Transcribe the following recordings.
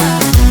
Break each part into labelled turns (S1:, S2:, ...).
S1: love.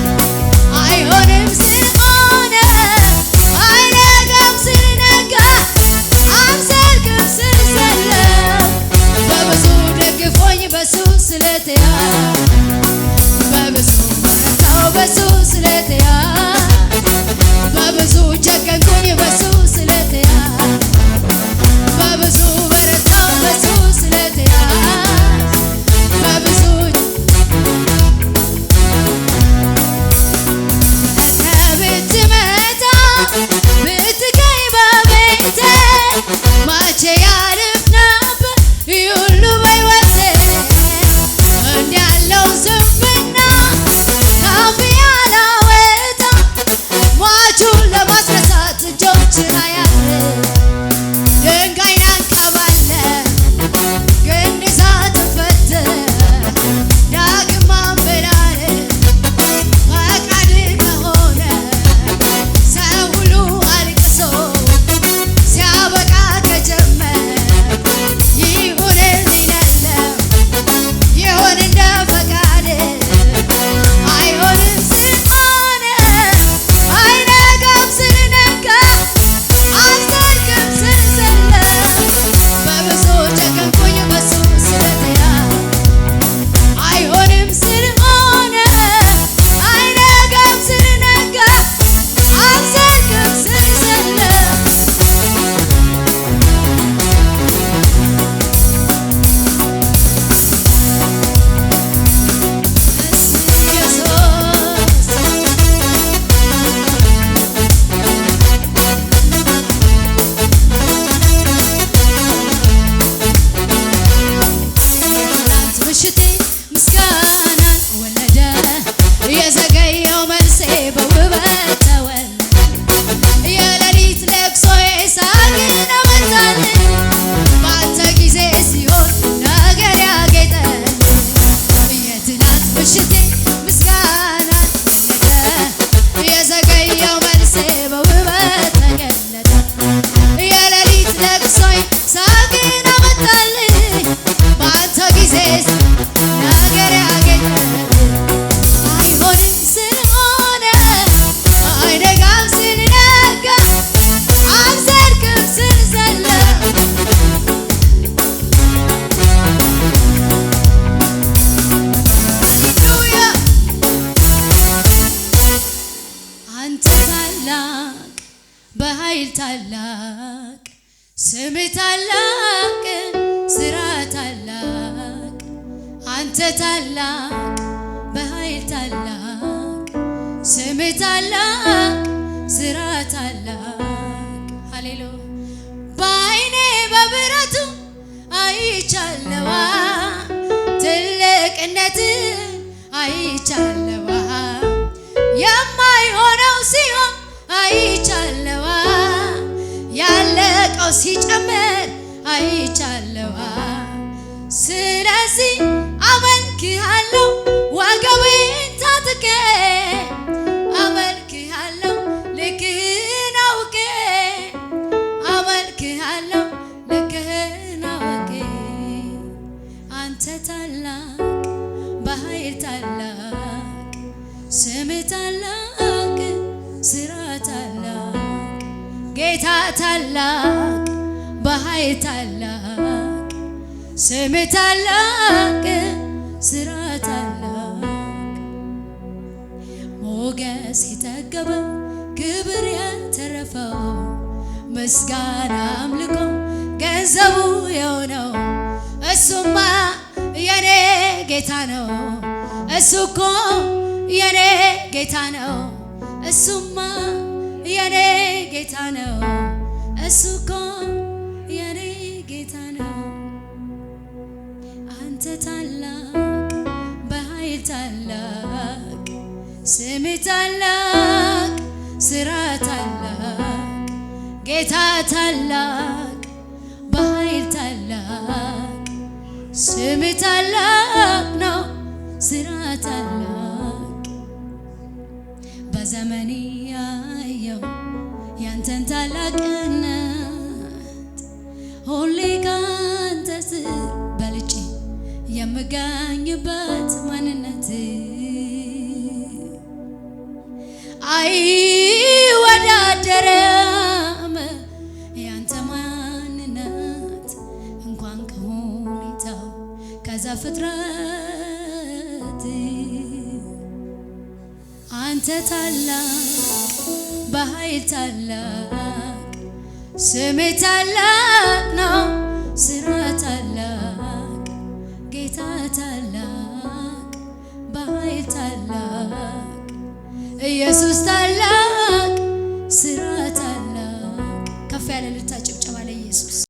S1: በኃይል ታላቅ ስም ታላቅ ስራ ታላቅ አንተ ታላቅ በኃይል ታላቅ ስም ታላቅ ስራ ታላቅ ሃሌሎ በአይኔ በብረቱ አይቻለዋ ትልቅነት አይቻለዋ አይቻለዋ ያለቀው ሲጨመር አይቻለዋ ስለዚህ አመንክ ዋጋ ስራዬ ታላቅ ስሜ ታላቅ ስራ ታላቅ ሞገስ የተገበው ክብር የተረፈው ምስጋና አምልኮ ገንዘቡ የሆነው እሱማ የኔ ጌታ ነው። እሱ እኮ የኔ ጌታ ነው። እሱማ የኔ ጌታ ነው። እሱ እኮ ስም ታላቅ፣ ስራ ታላቅ፣ ጌታ ታላቅ፣ በኃይል ታላቅ። ስም ታላቅ ነው፣ ስራ ታላቅ። በዘመን ያየው ያንተን ታላቅነት ሁሌ ካንተ ስር በልጬ የምገኝበት ማንነት አይወዳደረም ያንተ ማንነት እንኳን ከሁኔታው ከዛ ፍጥረት አንተ ታላቅ በኃይል ታላቅ ስሜ ታላቅ ነው ስራ ታላቅ ጌታ ታላቅ በኃይል ታላቅ ኢየሱስ ታላቅ